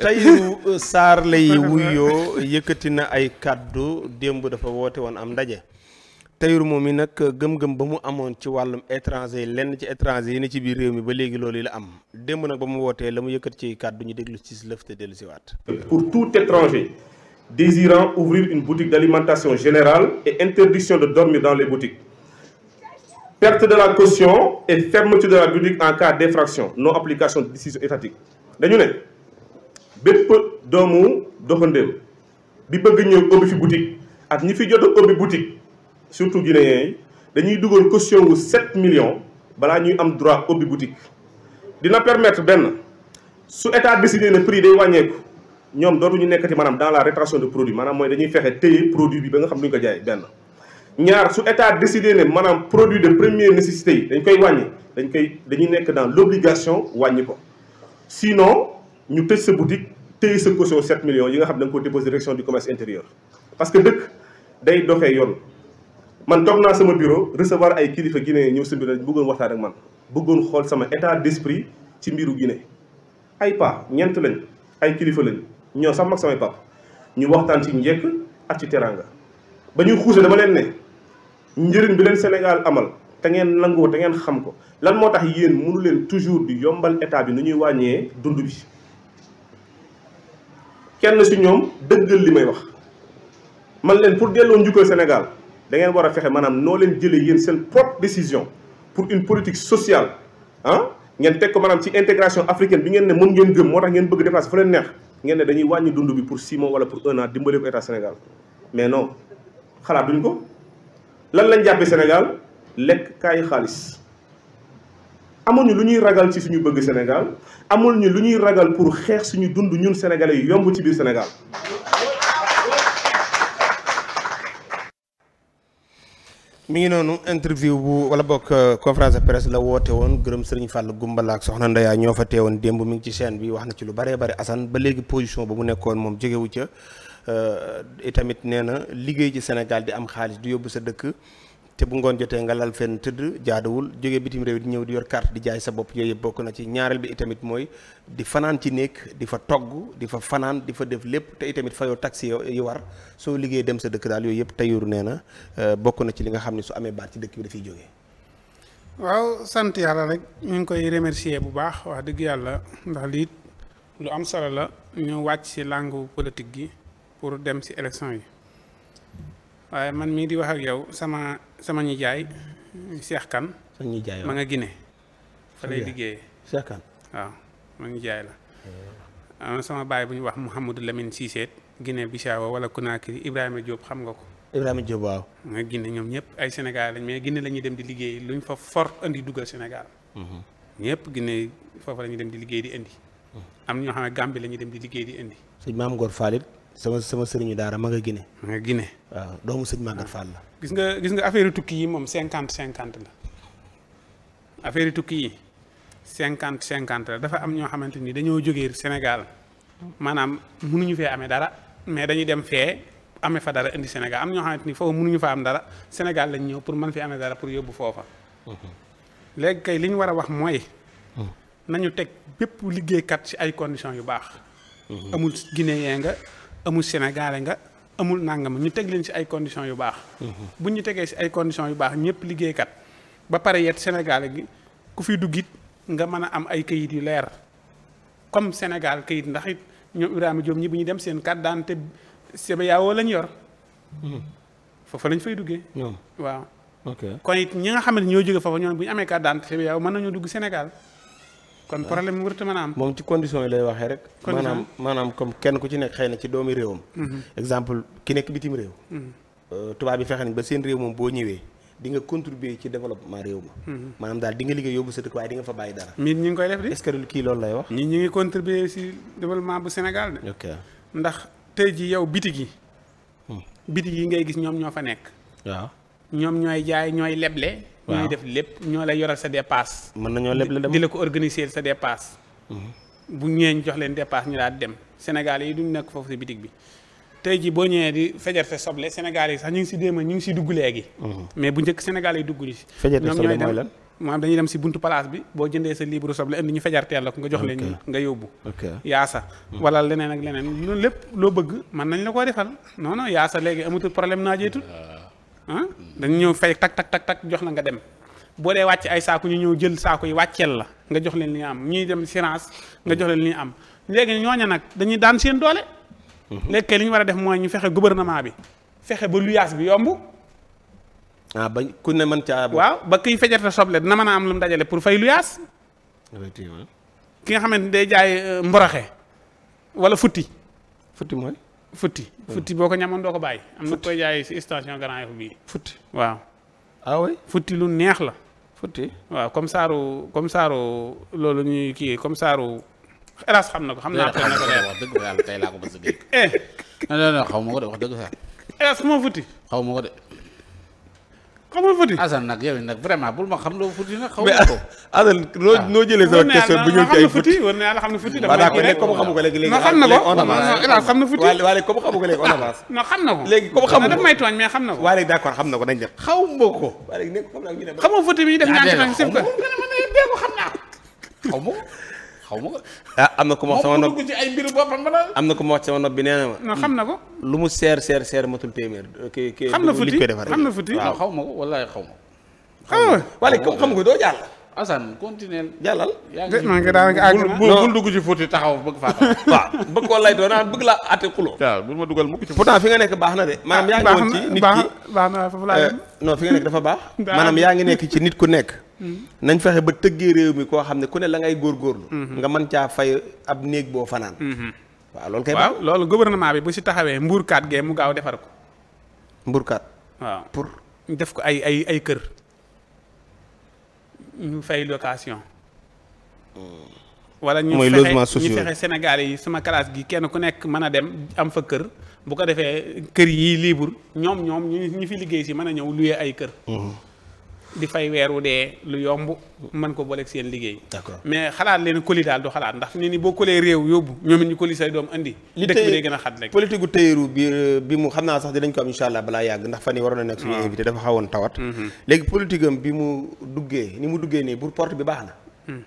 Tahirou uh, Sarr lay wuyoo yëkkati na ay kàddu démb dafa woote woon am ndaje Tahirou moom yi nag gëm-gëm ba mu amoon ci wàllum étranger lenn ci étranger yi ne ci biir réew mi ba léegi loolu la am démb nag ba mu wootee la mu yëkkati ci kàddu ñu déglu ci lëf te dellu waat pour tout étranger désirant ouvrir une boutique d'alimentation générale et interdiction de dormir dans les boutiques perte de la caution et fermeture de la boutique en cas d'infraction non application bépp doomu doxandéem bi bëgg ñëw ubbi fi boutique ak ñi fi jot a ubbi surtout guinéens yi dañuy dugal caution wu 7 million balaa ñuy am droit ubbi boutique. dina permettre benn su état décidé ne prix day wàññeeku ñoom dootuñu nekkati maanaam dans la rétraction de produit maanaam mooy dañuy fexe téye produit bi ba nga xam duñ ko jaay benn. ñaar su état décidé ne maanaam produit de première nécessité yi dañ koy wàññi dañ koy dañuy nekk dans l' obligation wàññi ko sinon. ñu tëj sa boutique téye sa caution 7 millions yi nga xam ne da nga ko déposé direction du commerce intérieur parce que dëkk day doxe yoon man toog naa sama bureau recevoir ay kilifa guinéen ñëw sa bureau bëggoon waxtaan ak man bëggoon xool sama état d'esprit ci mbiru Guinée ay pa ñeent lañ ay kilifa lañ ñoo sax mag samay pap ñu waxtaan ci njëkk ak ci teraanga ba ñuy xuuse dama leen ne njëriñ bi leen Sénégal amal te ngeen nangoo te ngeen xam ko lan moo tax yéen mënu leen toujours di yombal état bi nu ñuy wàññee dund bi kenn si ñoom dëggal li may wax man leen pour delloo njukkal Sénégal da ngeen war a fexe maanaam noo leen jëlee yéen seen propre décision pour une politique sociale ah ngeen teg ko maanaam ci intégration africaine bi ngeen ne moom ngeen gëm moo tax ngeen bëgg déplacé fu leen neex ngeen ne dañuy wàññi dund bi pour six mois wala pour un an dimbale ko état Sénégal mais non xalaat duñ ko lan lañ jàppee Sénégal lekk kaayu xaalis. amuñu lu ñuy ragal ci suñu bëgg Sénégal amul ñu lu ñuy ragal pour xeex suñu dund ñun sénégalais yu yomb ci biir Sénégal. mi ngi noonu interview bu wala bokk euh, conférence de presse la woote woon gërëm Serigne fàll Gumbala ak Soxna ndeyaa ñoo fa teewoon démb mi ngi ci chaîne bi wax na ci lu bëree bëri Assane ba léegi position ba mu nekkoon moom jógewu ca itamit euh, nee na liggéey ci Sénégal di am xaalis di yóbbu sa dëkk. te bu ngoon jotee nga lal fenn tëdd jaaduwul jóge bitim réew di ñëw di yor carte di jaay sa bopp yooyu bokk na ci ñaareel bi itamit mooy di fanaan ci néeg di fa togg di fa fanaan di fa def lépp te itamit fayoo taxi yi war soo liggéey dem sa dëkk daal yooyu yëpp tayur nee na euh, bokk na ci li nga xam ne su amee baat ci dëkk bi dafiy jóge waaw sant yàlla rek ñu ngi koy remercier bu baax wax dëgg yàlla ndax lii lu am solo la ñu wàcc ci langue politique gi pour dem ci élection yi waaye man mii di wax yow sama sama nijaay Cheikh Kane. sa nijaay ma nga gine fa lay liggéeyee Cheikh Kane waaw ma nijaay la. sama baay bu ñu wax Mouhamadou Lamine Cissé Guinée Bissau wala Conakry Ibrahima jóob xam nga ko. Ibrahima Diop waaw. nga Guinée ñoom ñëpp ay Sénégal lañ mais Guinée la dem di liggéey luñ fa fort indi duggal Sénégal. Mm-hmm. ñëpp Guinée foofu la dem di liggéey di indi. Mm-hmm. am na ñoo xam ne Gambie la ñuy dem di liggéey di indi. sëñ Maam Gor Falit sama sama sëriñu daara ma nga Guinée. ma nga Guinée. waaw doomu sëñ Maguette Fall la. gis nga gis nga affaire tukki yi moom cinquante cinquante la affaire tukki yi cinquante cinquante la dafa am ñoo xamante ni dañoo jógee Sénégal maanaam mënuñu fee amee dara mais dañuy dem fee amee fa dara indi Sénégal am ñoo xamante ni foofu mënuñu fa am dara Sénégal lañ ñëw pour mën fi amee dara pour yóbbu foofa. léegi kay li ñu war a wax mooy. nañu teg bépp liggéeykat ci ay conditions yu baax. Mhm. amul Sénégalais nga amul nangam ñu teg leen si ay conditions yu baax. Mhm. bu ñu tegee si ay conditions yu baax ñëpp liggéeykat ba pare yet Sénégalais gi ku fi duggit nga mën a am ay kayit yu leer comme Sénégal kayit ndax it ñoom Ibrahima Diop ñi bu ñu dem seen carte d'identité CBAO lañ yor. Mhm. foofa lañu fay duggee. ñoom waaw. ok kon it ñi nga xam ne ñoo jógee foofa ñoom bu ñu amee carte d'identité CBAO mën nañoo dugg Sénégal. kon problème mu wërta mën a am. moom ci condition yi lay waxee rek. maanaam maanaam comme kenn ku ci nekk xëy na ci doomi réewam. Mhm. exemple ki nekk bitim réew. Mhm. Euh, tubaab bi fexe nañ ba seen réew moom boo ñëwee. di nga contribuer ci développement réew ma. Mhm. maanaam daal di nga liggéey yóbbu sa dëkk waaye di nga fa bàyyi dara. ñun ñu ngi koy def di est-ce que kii loolu lay wax. ñun ñu ngi contribuer ci développement bu Sénégal de. ndax tey jii yow bitig yi. Hmm. bitig yi ngay gis ñoom ñoo fa nekk. waaw ñoom ñooy jaay ñooy leble. ñooy def lépp ñoo lay yoral sa dépasse. mën nañoo lépp la dem di la ko organiser sa dépasse. Mm-hmm. bu ñeeñ jox leen dépasse ñu daal dem Sénégal yi duñ nekk foofu si bitig bi tey jii boo ñëwee di sa soble Sénégal yi sax ñu ngi si déema ñu ngi si dugg léegi. Mm-hmm. mais bu njëkk Sénégal yi dugg ñu si. fejarte soble mooy lan dañuy dem si buntu place bi boo jëndee sa libre soble indi ñu fejarteel la ko nga jox leen ñu nga yóbbu yaasa mm-hmm. wala leneen ak leneen loolu lépp loo bëgg mën nañ la ko defal non non yaasa léegi amatul problème naa jeetul ah dañ ñëw fey tak tak tak tak jox na nga dem boo dee wàcc ay saaku ñu ñëw jël saaku yi wàcceel la nga jox leen li am ñuy dem silence nga jox leen li ñu am léegi ñooña nag dañuy daan seen doole mhm. léegi li ñu war a def mooy ñu fexe gouvernement bi fexe ba luyaas bi yomb ah ba ku ne mën caa waaw ba kiy fejarte soble dana mën a am lu mu dajale pour fay luyaas effectivement ki nga xamante day jaay euh, mboroxe wala futti futti mooy futti hmm. futti boo ko ñamoon doo ko bàyyi am na koy jaay si station Grand Yoff bii futti waaw ah futti lu neex la futti waaw comme saaru comme saaru loolu ñuy kii comme saaru hélas xam na ko xam naa ko wax dëgg fa yàlla tey ko mos xaw ma ko wax dëgg fa hélas ku futti xaw ma ko de xam nga Fouti Assane nag yow nag vraiment bul ma xam loo Fouti noo ah. xam na ko léegi xam na ko non xam na ko léegi xam na ko léegi comme may tooñ mais xam na ko waaye d'accord xam na ko dañ def ah, xaw ko waaye léegi nekk xam na ñu dem xam nga Fouti mi xaw ma ko. ah am na ko ma wax sama nopp moom ci ay mbiru na ku ma wax sama nopp bi nee na ma. non xam na ko. lu mu seer seer seer matul téeméer. kii kii xam na futi xam na futi waaw xaw ma ko wallaahi xaw ma ko. Ah, xam nga doo jàll. Assane continué jàllal. yaa ngi maa ngi daanaka àgg na bul bul taxaw bëgg faa waaw bëgg koo lay doon naan laa àtte xuloo. waaw bul ma dugal mukk fi nga nekk baax na de. Ah, maanaam yaa ngi woon ci nit ki baax euh, yaa ngi nekk ci nit ku nekk nañ fexe ba tëggee réew mi koo xam ne ku ne la ngay góorgóorlu mhm. nga man caa fay ab néeg boo fanaan mhm. waaw loolu kay waaw loolu gouvernement bi bu si taxawee mbuurkaat gee mu gaaw defar ko mbuurkaat waaw pour def ko ay ay ay kër ñu fay location wala ñu fexe ñu fexe Sénégal yi sama classe gi kenn ku nekk mën a dem am fa kër bu ko defee kër yi libre ñoom ñoom ñu ñu fi liggéey si mën a ñëw luye ay kër mhm. di fay weer wu dee lu yomb man ko booleeg seen liggéey. d'accord mais xalaat leen koli daal du xalaat ndax ni ni boo kolee réew yóbbu ñoom it ñu koli say doom andi. li dëkk bi a xat rek. politique gu bi euh, bi mu xam naa sax ko am incha allah balaa yàgg ndax fan yii waroon na nekk suñu ah. invité dafa xawoon mhm. bi mu duggee ni mu duggee nii pour porte bi baax na. Hmm.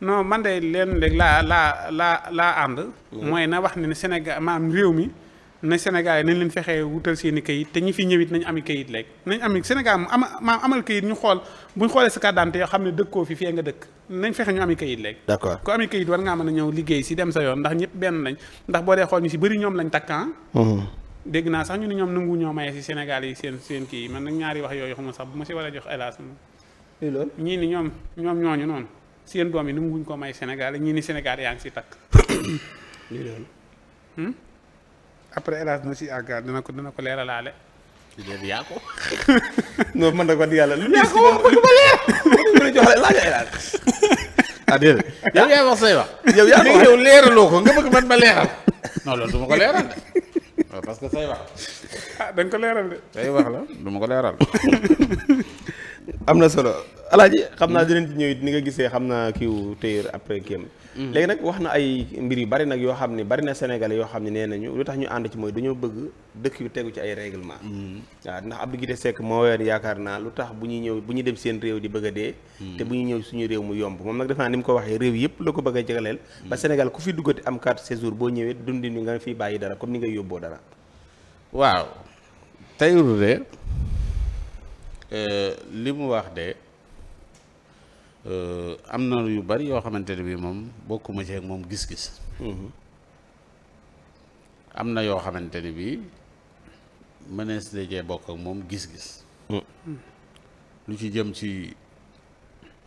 non man de leen léegi laa laa laa laa ànd. Hmm. mooy na wax ne Sénégal maam réew mi. ne Sénégal yi nañ leen fexee wutal seen i kayit te ñi fi ñëwit nañ ami kayit léegi nañ ami Sénégal am maam amal kayit ñu xool buñ xoolee sa carte d'identité yoo xam ne dëkkoo fi fee nga dëkk nañ fexe ñu ami kayit léegi d'accord ku ami kayit war ngaa mën a ñëw liggéey si dem sa yoon ndax ñëpp benn lañ ndax boo dee xool ñu si bëri ñoom lañ takkan ah. mm-hmm. dégg naa sax ñu ne ñoom nangu ñoo maye si Sénégal yi seen seen kii man nag ñaari wax yooyu xuma sax bu ma si war a ñii ni ñoom ñoom ñooñu noonu seen doom yi nanguñ ko may Sénégal ñii ni Sénégal yaa ngi si takk après El Hadj si àggaar dana ko dana ko leeralaale. léegi yaa ko. non man da ko di ah, yaa wax say wax. yow yaa ko yow leeraloo ko nga bëgg man ma leeral. non loolu du ko leeral de. waaw que say wax. ah ko leeral de. say wax la duma ko leeral. am na solo alaaji xam naa dinañ ci ñëw it ni nga gisee xam naa kiiw téyër après kéem. Mm-hmm. léegi nag wax na ay mbir yu bari nag yoo xam ne bari na sénégalais yoo xam ne nee nañu lu tax ñu ànd ci mooy dañoo bëgg dëkk yu tegu ci ay règlement mm-hmm. waaw ndax Abdou Guité Seck moo weer yaakaar naa lu tax bu ñuy ñëw bu ñu dem seen réew di bëgg dee mm-hmm. te bu ñu ñëw suñu réew mu yomb moom nag defe naa ni mu ko waxee réew yëpp la ko bëgg a jagleel ba Sénégal ku fi duggati am carte séjour boo ñëwee dund bi nga fi bàyyi dara comme ni nga yóbboo dara waaw Tahirou euh, wax de Euh, am na yu bari yoo xamante ne bii moom bokkuma ci moom gis-gis. Mhm. am na yoo xamante ne bii mënees na cee bokk moom gis-gis. Mm. lu ci jëm ci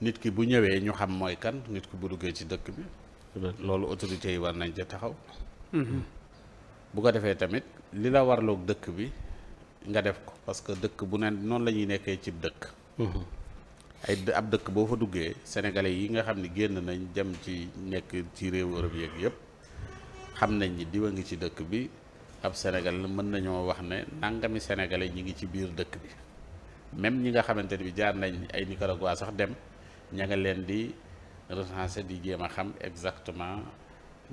nit ki bu ñëwee ñu xam mooy kan nit ki bu duggee ci dëkk bi. loolu autorité yi war nañ ca taxaw. Mhm. bu ko defee tamit li la warloog dëkk bi nga def ko parce que dëkk bu ne noonu lañuy nekkee cib dëkk. Mhm. ay ab dëkk boo fa duggee sénégalais yi nga xam ni génn nañ dem ci nekk ci réew Europe yeeg yëpp xam nañ ni a ngi ci dëkk bi ab Sénégal mën nañoo wax ne nangami sénégalais ñi ngi ci biir dëkk bi même ñi nga xamante ne bi jaar nañ ay Nicaragua sax dem ña leen di recenser di jéem a xam exactement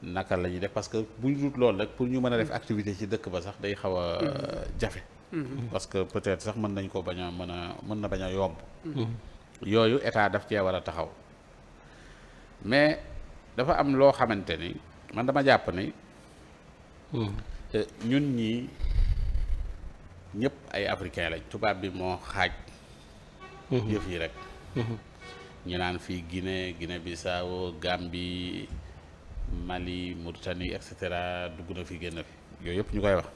naka la ñuy def parce que bu ñu dut loolu rek pour ñu mën a def activité ci dëkk ba sax day xaw a mm-hmm. jafe. Mm-hmm. parce que peut-être sax mën nañ ko bañ a mën a mën na bañ a yomb. Mm-hmm. yooyu état daf cee war a taxaw mais dafa am loo xamante ni man dama jàpp ni hmm. ñun ñii ñëpp ay africain lañ tubaab bi moo xaaj hmm. yëf yi rek hmm. ñu naan fii Guinée Guinée Bissau Gambie Mali Mauritanie et cetera dugg na fi génn fi yooyu yëpp ñu koy wax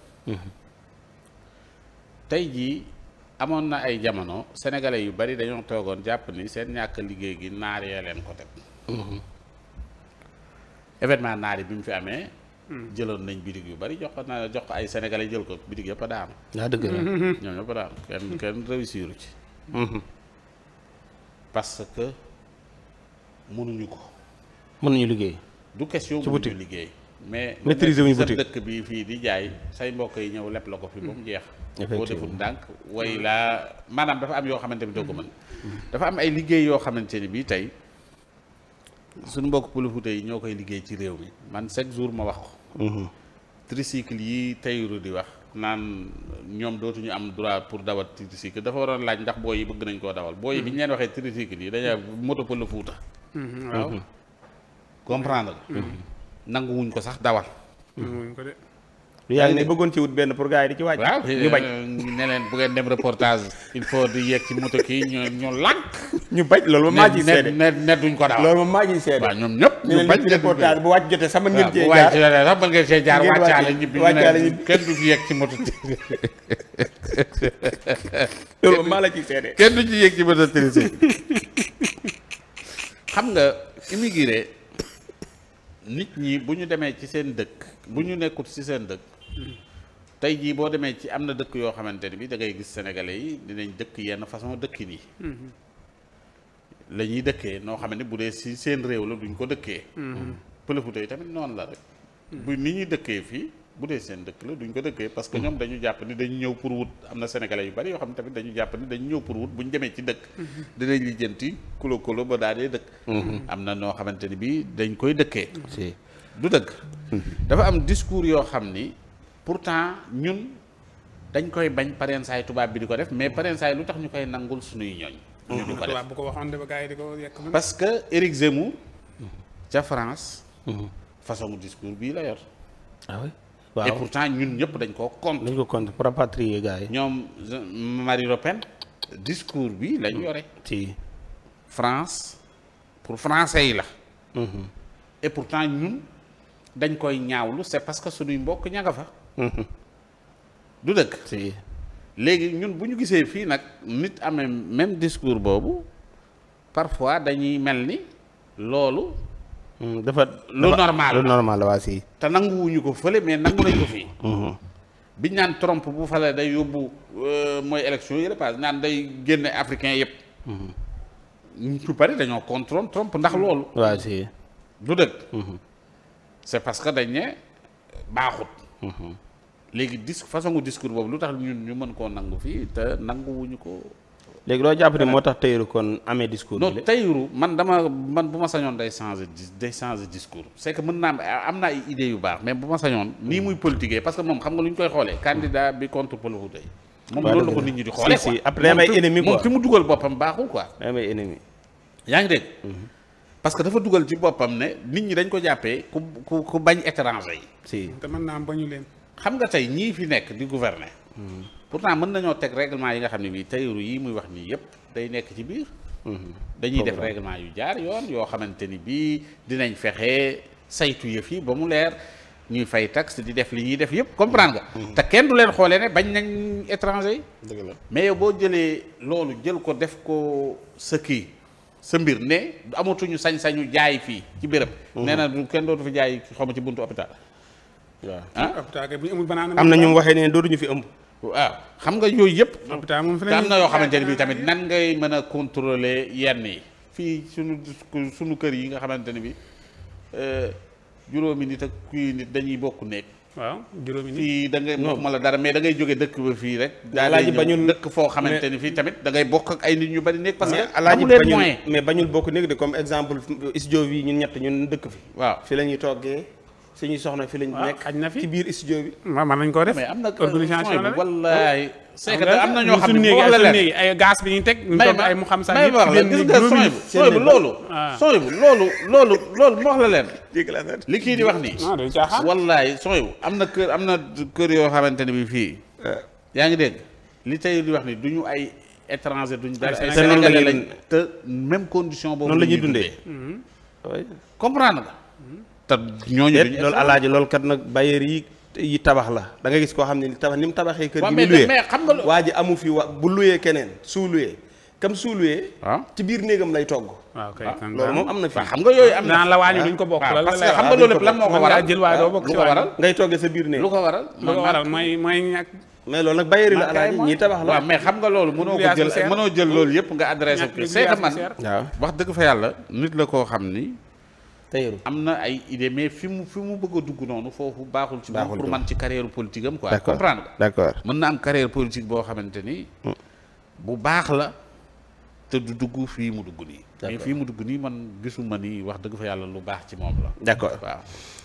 tey jii amoon na ay jamono sénégalais yu bari dañoo toogoon jàpp ni seen ñàkk liggéey gi naar yee leen ko teg. Mhm. événement naar yi bi mu fi amee. Hmm. jëloon nañ bitig yu bari jox ko naa jox ay sénégalais jël ko bitig yëpp a daanu. yaa ah, dëgg la mhm. ñoom ñëpp a daanu kenn hmm. kenn réussiru ci. Mhm. parce que mënuñu ko. mënuñu liggéey. du question mënuñu liggéey. mais maîtriser wuñu boutique dëkk bi fii di jaay say mbokk yi ñëw lepp la ko fi ba mu hmm. jeex. boo deful ndànk way laa maanaam dafa am yoo xamante ni doo ko mën dafa am ay liggéey yoo xamante ni bii tey suñu mbokk pulafuute yi ñoo koy liggéey ci réew mi man chaque jour ma wax ko mhm. tricycle yi tayru di wax naan ñoom dootuñu am droit pour dawal tricycle dafa waroon laaj ndax booy yi bëgg nañ koo dawal booy yi bi ñu leen waxee tricycle yi dañuy moto pëlafuuta mhm, waaw mhm. comprendre nangu ko sax dawal yaa ngi ne bëggoon ci wut benn pour gars yi di ci wàcc. waaw ñu bañ euh, ne leen bu ngeen dem reportage il faut di yegg ci moto kii ñoo ñu ñu bañ loolu ma maa ciy seede ne ne duñ ko daal. loolu ma maa ciy seede waaw ñëpp. ñu bañ ne reportage bu wàcc jotee sax mën ngeen cee jaar waaw bu wàcc sax mën ngeen cee jaar wàccaale ñibbi ñu ci moto. loolu maa la ciy seede. kenn du ci yegg ci moto trisé. xam nga immigré nit ñi bu ñu demee ci seen dëkk bu ñu nekkul ci seen dëkk tey jii boo demee ci am na dëkk yoo xamante ne bi da ngay gis sénégalais yi dëkk yenn façon dëkkin yi la dëkkee noo xam ne bu dee si seen réew la ko dëkkee tamit noonu la rek bu ni ñuy dëkkee fii bu dee seen dëkk la duñ ko dëkkee parce que ñoom dañu jàpp ni dañu ñëw pour wut am na sénégalais yoo xam ne tamit dañu jàpp ni dañu pour wut bu ñu demee ci dëkk dinañ lijjanti kulo ba daal dee dëkk am na noo xamante ni bi dañ koy dëkkee du dëkk dafa am discours yoo xam ni pourtant ñun dañ koy bañ pareen saay tubaab bi di ko def mais pareen saay lu tax ñu koy nangul suñuy ñooñ ñu di ko bu ko waxoon ba gars yi di ko yekk parce que Éric Zemmour mhm. ca France mhm. façon discours bii la yor ah oui et pourtant ñun ñëpp dañ koo contre dañ ko contre pour rapatrier yi ñoom euh, Marine Le Pen discours bi lañ mhm. yore ci France pour français yi la et pourtant ñun dañ koy ñaawlu c'est parce que suñuy mbokk ña nga fa du dëkk si léegi ñun bu ñu gisee fii nag nit amee même discours boobu parfois dañuy mel ni loolu. Hmm, dafa lu normal lu normal waa si. te nanguwuñu ko fële mais nangu nañ ko fii. Hmm. biñ naan tromp bu fale day yóbbu euh, mooy élection yi repasse naan day génne africain yëpp. Hmm. dañoo contre ndax loolu. waa parce que dañ ne baaxut. léegi dis façon discours boobu lu tax ñun ñu mën koo nangu fii te ñu ko. léegi loo jàpp ne moo tax Tahirou kon amee discours. non Tahirou man dama man bu ma sañoon day changer day changer discours. c'est que mën naa am na ay idées yu baax mais bu ma sañoon nii muy politiquer parce que moom xam nga lu ñu koy xoole candidat bi contre politique. moom loolu la ko nit ñi di xoolee quoi si si après damay ennemi moom fi mu dugal boppam baaxul quoi. damay ennemi. yaa ngi dégg. Mhm. parce que dafa dugal ci boppam ne nit ñi dañ ko jàppee ku ku ku bañ étranger xam nga tey ñii fi nekk di gouverner. pourtant mën nañoo teg règlement yi nga xam ne bii tayru yi muy wax nii yëpp day nekk ci biir. dañuy def règlement yu jaar yoon yoo xamante ni bii dinañ fexe saytu yëf yi ba mu leer ñuy fay taxe di def li ñuy def yëpp comprendre nga. Mm-hmm. te kenn du leen xoolee ne bañ nañ étranger yi. dëgg la mais boo jëlee loolu jël ko def ko sa kii sa mbir ne du amatuñu sañ-sañu jaay fii ci béréb. Mm-hmm. nee na du kenn dootu fi jaay xaw ma ci buntu hôpital. am na ñu waxee ne dootuñu fi ëmb waaw xam nga yooyu yëpp am na yoo xamante ne bi tamit nan ngay mën a contrôler yenn yi fii sunu suñu kër yi nga xamante ne bi eh, juróomi nit ak kuy nit dañuy bokk nekk waaw juróomi nit fii da ngay ma la dara mais da ngay jóge dëkk ba fii rek alaaji bañul dëkk foo xamante ni fii tamit da ngay bokk ak ay nit ñu bari nekk parce que alaaji bañul mais bañul bokk nekk de comme exemple studio yi ñun ñett ñun dëkk fi waaw fi la ñuy toggee suñuy soxna fi lañ ah, nekk xaj na fi ci biir studio bi. waaw mën nañu koo def. organisation la walaay. c'est am na ñoo xam ne foofu la leer ay gaz bi ñu teg. ñu ay mu xam sax yëpp gis nga sooy bu sooy bu loolu. sooy bu loolu loolu loolu mu wax la leen. li kii di wax nii. Ah, wallaay sooy bu am na kër am na kër yoo xamante ne bi fii. Ah. yaa ngi dégg li tey di wax du duñu ay étranger duñu dara ay sénégalais lañ te même condition boobu. noonu la ñuy dundee comprendre nga te ñooñu duñu loolu alaaji loolu kat nag bailleur yi tabax la dangay gis koo xam ne ni tabax ni mu tabaxee kër gi mu luye waa ji amu fi wa bu luyee keneen suu luyee kam suu luyee ah. ci biir néegam lay togg waaw ah, kay ah, loolu moom na fi xam nga am na la waañu duñ ko bokk la parce loolu lépp moo ko waral jël waaye doo bokk ci ngay toggee sa biir néeg lu ko waral lu ko waral mooy mooy ñàkk mais loolu nag bailleur yi la alaaji ñi tabax la mais xam nga loolu mënoo ko jël mënoo jël loolu yëpp nga adressé c'est que man waaw wax dëgg fa yàlla nit la koo xam ni tey am na ay idée mais fi mu fi mu bëgg a dugg noonu foofu baaxul. ci moom pour man ci carrière politique am quoi. comprendre nga. d' mën na am carrière politique boo xamante ni. bu baax la te du dugg fii mu dugg nii. mais fii mu dugg nii man gisuma ni wax dëgg fa yàlla lu baax ci moom la. d' accord waaw.